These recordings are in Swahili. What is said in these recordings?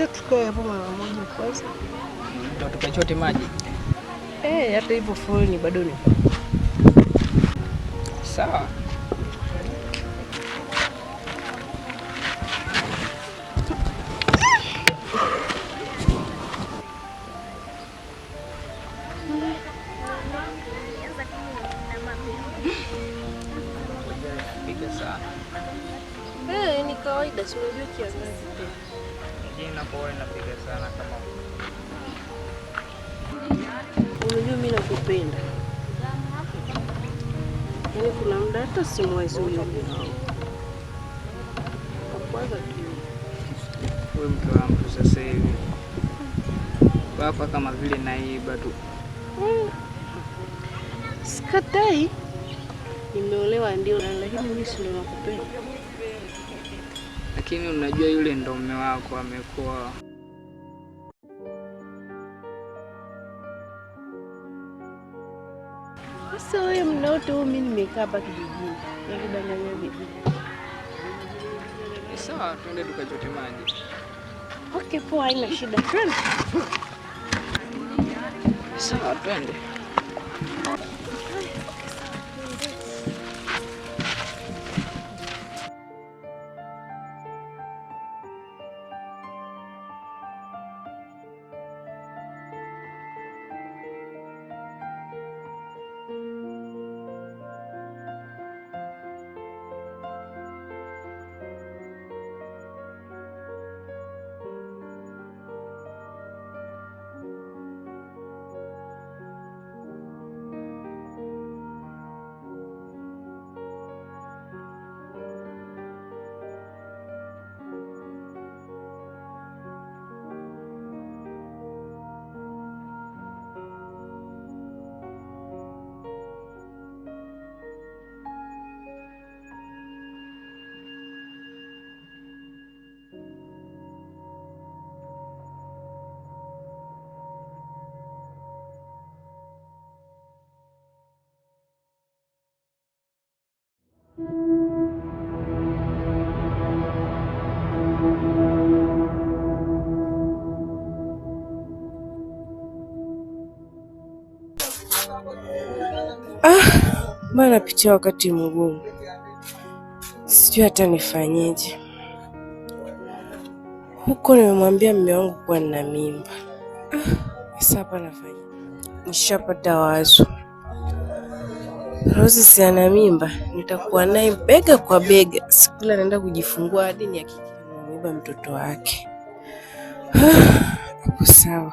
Tunaweza tukae hapo mara moja kwanza, ndio tukachote maji eh, hata hivyo fulani bado ni sawa. hata simwezi huyo mwanao. Kwanza tu mke wangu sasa hivi hapa kama vile naiba tu. Hmm. Sikatai, nimeolewa ndio, lakini mimi si ndo nakupenda. Lakini unajua yule ndo mume wako amekuwa wote huu mimi nimekaa hapa kijijini. Nakudanganya vipi? Sawa, tuende tukachote maji. Okay, poa, haina shida. Twende. Sawa, twende. Ah, ah, pitia wakati mgumu, sijui hata nifanyeje. Huko nimemwambia mume wangu kuwa nina mimba. Ah, sasa hapa nafanya, nishapata wazo Rose si ana mimba, nitakuwa naye bega kwa bega. Sikula naenda kujifungua hadi ni hakika mtoto wake. Uko sawa.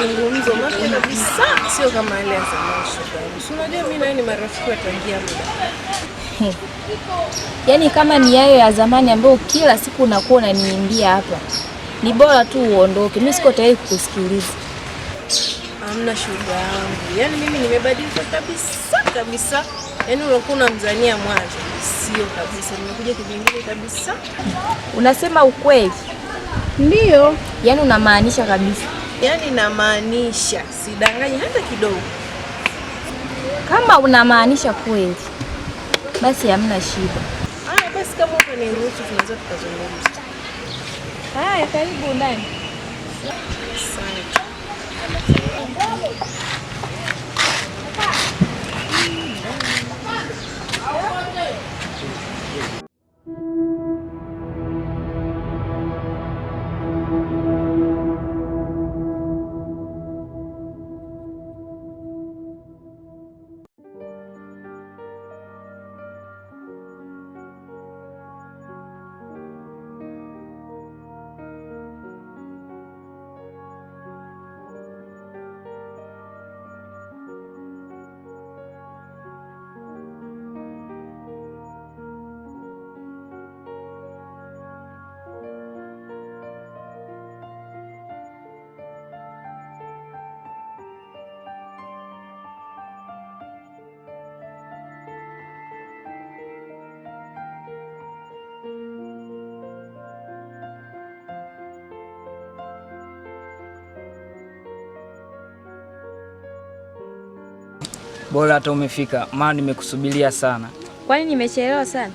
mazungumzo mapya kabisa, sio kama yale ya zamani. Shukrani, unajua mimi nawe ni marafiki wa tangia muda yaani kama ni yayo ya zamani ambayo kila siku unakuwa unaniimbia hapa, ni bora tu uondoke. Mimi siko tayari kukusikiliza. Amna shuga yangu, yaani mimi nimebadilika kabisa kabisa. Yaani unakuwa unamzania mwanzo, sio kabisa. Nimekuja kivingine kabisa. Unasema ukweli? Ndio, Yaani unamaanisha kabisa? yani namaanisha, sidanganyi hata kidogo. Kama unamaanisha kweli, basi hamna shida. Haya basi, kama utaniruhusu tunaweza tukazungumza. Haya, karibu ndani. Asante. Bora hata umefika, maana nimekusubiria sana. Kwani nimechelewa sana?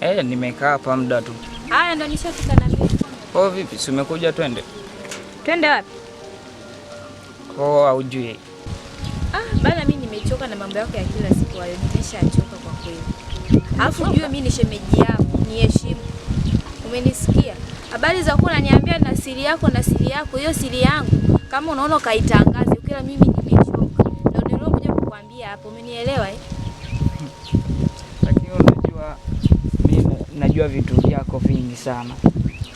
Eh, nimekaa hapa muda tu. Haya, ndo nishafika na mimi. Kwa vipi, si umekuja? Twende. Twende wapi? Kwa haujui. Ah, bana mimi nimechoka na mambo yako ya kila siku hayo, nimeshachoka kwa kweli. Alafu jue mimi ni shemeji yako, niheshimu. Umenisikia? Habari za kuwa unaniambia na siri yako na siri yako, hiyo siri yangu kama unaona kaitangaze, ukila mimi kufikia hapo, umenielewa eh? Lakini unajua mimi najua vitu vyako vingi sana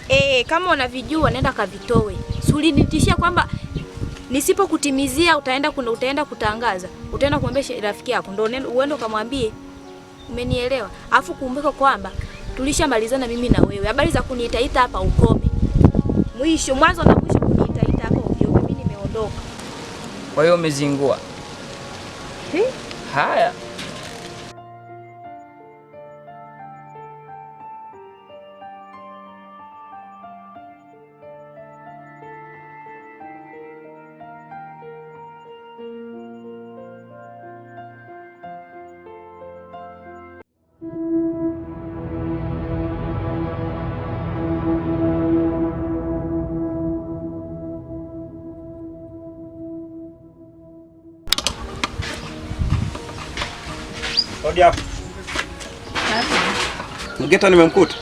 eh. Kama unavijua naenda kavitoe, si ulinitishia kwamba nisipokutimizia utaenda kuna, utaenda kutangaza, utaenda kumwambia rafiki yako, ndio uende ukamwambie. Umenielewa? Alafu kumbuka kwamba tulishamalizana mimi na wewe, habari za kuniitaita hapa ukome. Mwisho mwanzo na mwisho kuniitaita hapa ovyo, mimi nimeondoka. Kwa hiyo umezingua Hi. Rudi hapo. Mgeta nimemkuta?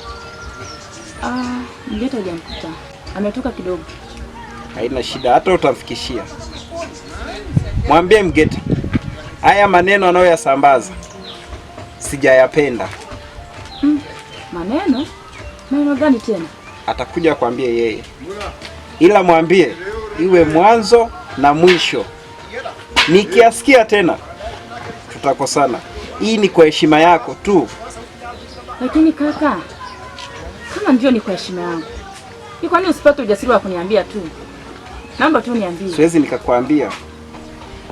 Ah, Mgeta hujamkuta. Ametoka kidogo. Haina shida, hata utamfikishia. Mwambie Mgeta haya maneno anayoyasambaza sijayapenda. Mm, maneno maneno gani tena? Atakuja kuambia yeye, ila mwambie iwe mwanzo na mwisho. Nikiasikia tena tutakosana. Hii ni kwa heshima yako tu. Lakini kaka, kama ndio ni kwa heshima yangu, ni kwa nini usipate ujasiri wa kuniambia tu? Naomba tu niambie. Siwezi nikakwambia,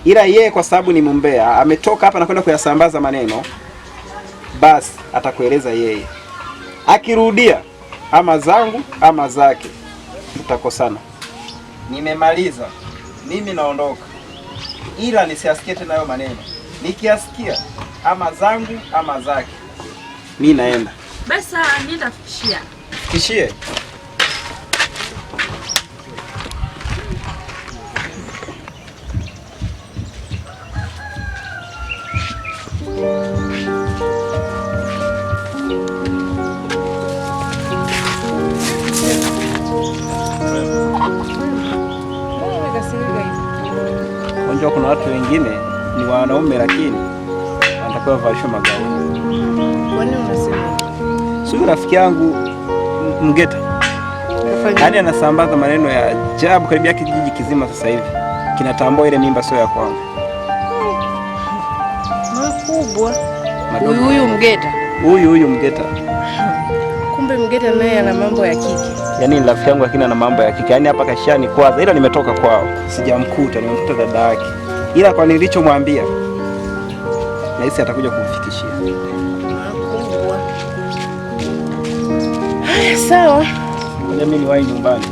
ila yeye kwa sababu ni mumbea, ametoka hapa na kwenda kuyasambaza maneno, basi atakueleza yeye. Akirudia ama zangu ama zake, tutakosana. Nimemaliza, mimi naondoka, ila nisiasikie tena hayo maneno, nikiasikia ama zangu ama zake. Mi naenda basi, nienda fikishia, fikishie Unajua kuna watu wengine ni wanaume lakini kwa vaisha magauni. Kwani unasema? Sio rafiki yangu Mgeta. Yaani anasambaza maneno ya ajabu karibu yake kijiji kizima sasa hivi. Kinatambua ile mimba sio ya kwangu. Hmm. Makubwa. Huyu huyu Mgeta. Huyu huyu Mgeta. Kumbe Mgeta naye ana mambo ya kike. Yaani rafiki yangu lakini ana mambo ya kike. Yaani hapa kashani kwanza ila nimetoka kwao. Sijamkuta, nimemkuta dada yake. Ila kwa nilichomwambia nahisi atakuja kumfikishia. Haya, sawa. Ngoja mimi niwahi nyumbani.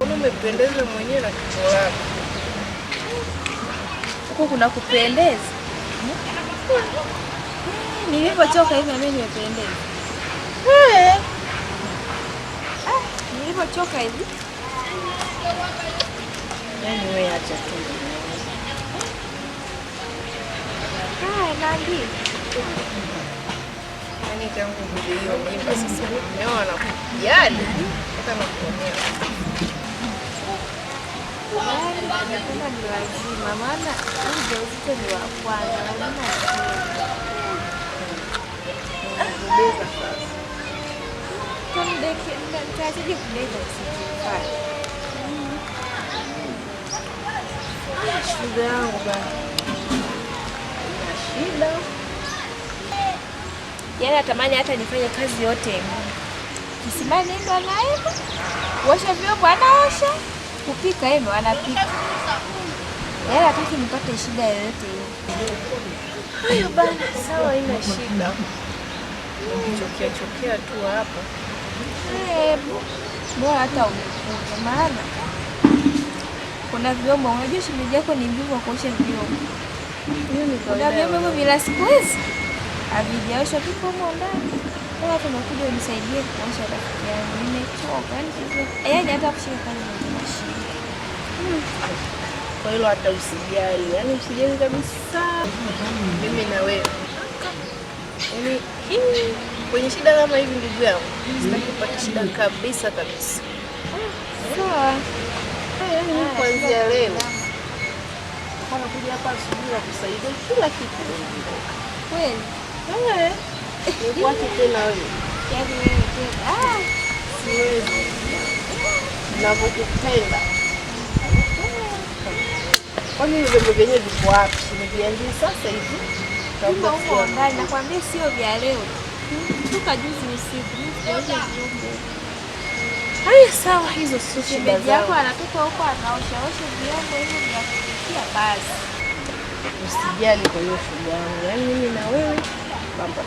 Umependeza mwenyewe na kitu wako huku kuna kupendeza. Hmm, nilipotoka hivi na mimi nimependeza, ah, nilipotoka hivi. Yaani wewe acha tu. Haya, nandi yaani tangu hiyo mimba sasa, umeona yaani mpaka nakuonea Yaani ni wazima, maana ujauzito ni wa kwanza, yangu bana, na shida yaani natamani hata nifanye kazi yote, kisimani ndo anaiva, kuosha vyombo anaosha kupika hivyo eh, anapika, yaani hataki nipate shida yoyote hiyo bana. Sawa, ina shida ukichokia chokea tu hapo, eh, bora hata umekunja, maana kuna vyombo unajua, shemeji yako ni mvivu wa kuosha vyombo. Kuna vyombo hivyo vila siku hizi havijaoshwa, viko humo ndani aa, tunakuja unisaidie kuosha, rafiki yangu, nimechoka yaani, yaani hata kushika kazi kwa hilo hata usijali, yaani usijali kabisa. Mimi na wewe yaani kwenye shida kama hivi, ndugu yangu, sitaki kupata shida kabisa kabisa. Sawa, yaani kuanzia leo anakuja hapa asubuhi na kusaidia kila kitu. Kweli wewe nikwake tena wewe, yaani wewe tena ah. siwezi navyokupenda Kwani vyombo vyenyewe viko wapi? Nimevianzia sasa hivi huko ndani, nakwambia sio vya leo, toka juzi usiku. Haya, sawa, hizo sio shida zako. Anatoka huko anaoshaosha vyombo hivyo vya kupikia, basi usijali. Kwa hiyo shughuli yangu, yaani mimi na wewe bamba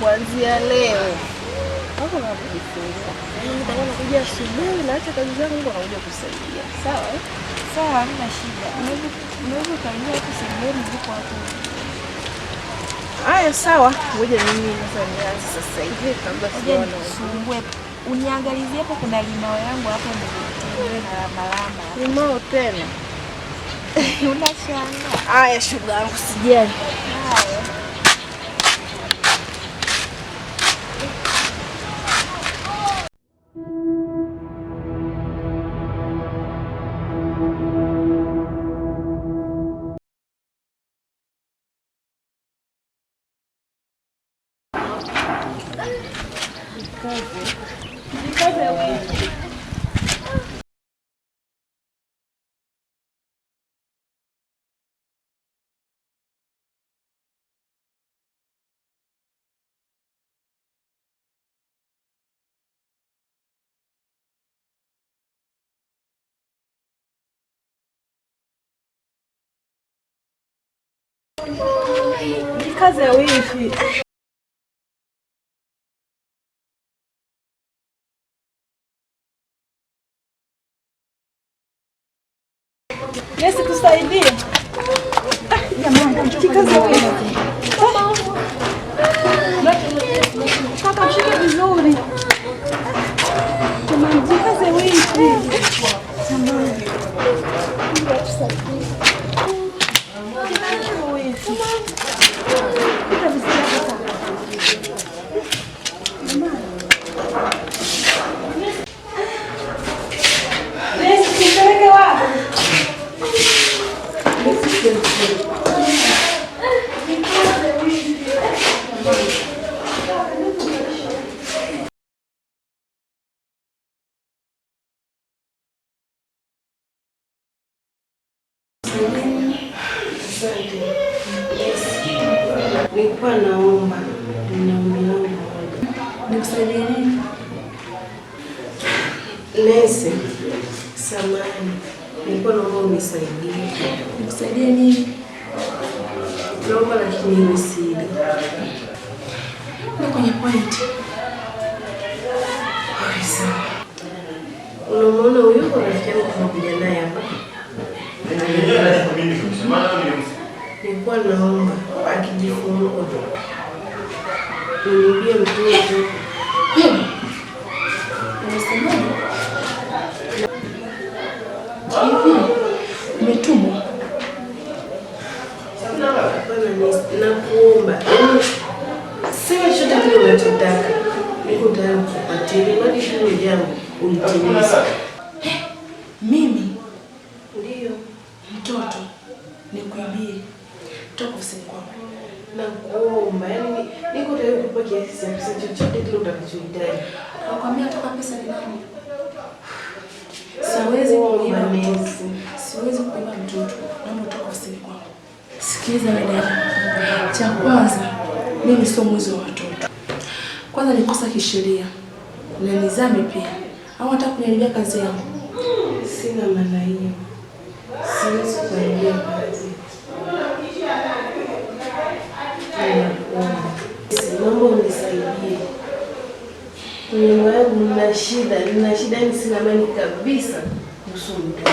kuanzia leo huko na kujifungua. Yaani nakuja asubuhi naacha kazi zangu nakuja kusaidia. Sawa? Eh? Sawa, hamna shida. Unaweza unaweza hapo sehemu huko hapo. Haya sawa. Ngoja mimi sasa nianze sasa hivi kabla sijaona Uniangalizie hapo kuna limao yangu hapo ndio na malama. Limao tena. Unashangaa. Haya shuga yangu sijali. Haya. Ni kazi ya wifi. Nilikuwa naomba ninaumia nikusaidie Nesi, samani, nilikuwa naomba unisaidie. Nikusaidie nini? Naomba lakini usidi kwenye point. Unamwona huyu rafiki yangu tunakuja naye hapa, nilikuwa naomba akijifungua nibie mtoto hmm. hivi umetumwa na yaani, sema chochote kile unachotaka, niko tayari kukupatia, mradi hilo jambo ulitimize. Eh, mimi ndiyo mtoto nikuibie? toka ofisini kwangu na kuomba, yaani niko tayari kukupa kiasi cha pesa chochote kile utakachohitaji. Nakwambia toka pesa ni nani? Siwezi kuiba mesi, siwezi kuiba mtoto, naomba toka ofisini kwangu. Sikiliza dada, cha kwanza mimi sio mwizi wa watoto, kwanza nikosa kisheria na nizame pia, au hata kuniharibia kazi yangu. Sina maana hiyo, siwezi kuendelea unisaidie. Mungu wangu, nina shida, nina shida, yaani sina amani kabisa kuhusu mtoto.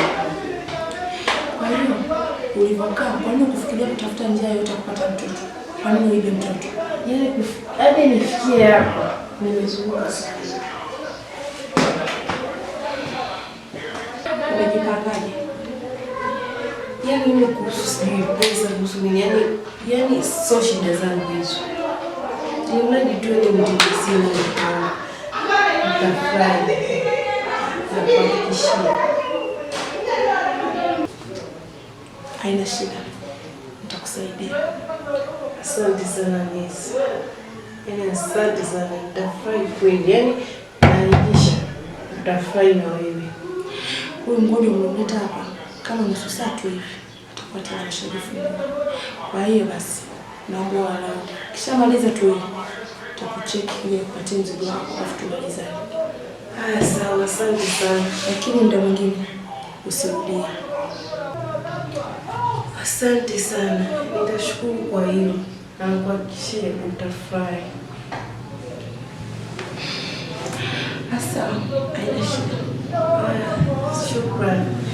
Kwa hiyo ulivyokaa, kwa nini kufikiria kutafuta njia yote ya kupata mtoto? Kwa nini uibe mtoto? Yaani hadi nifikie hapa nimezunguka sana. Umejipangaje? Yaani mimi kuhusu sijui pesa, kuhusu nini, yaani yaani sio shida zangu hizo mradi tu ni mtikisini tafurahi na kuhakikishia, haina shida, nitakusaidia. Asante sana Nesi, yaani asante sana, nitafurahi kweli, yaani naridhisha, nitafurahi na wewe. Huyu mgodi umemleta hapa kama nusu saa tu hivi atakuwa tayari ashajifungua. Kwa hiyo basi naomba walau kishamaliza tu takucheki ili kupatia mzigo wako afu tumalizane. Haya, sawa, asante sana, lakini muda mwingine usirudie. Asante sana, nitashukuru kwa hilo na nikuhakikishie utafurahi. Hasa haina shida. Haya, shukrani.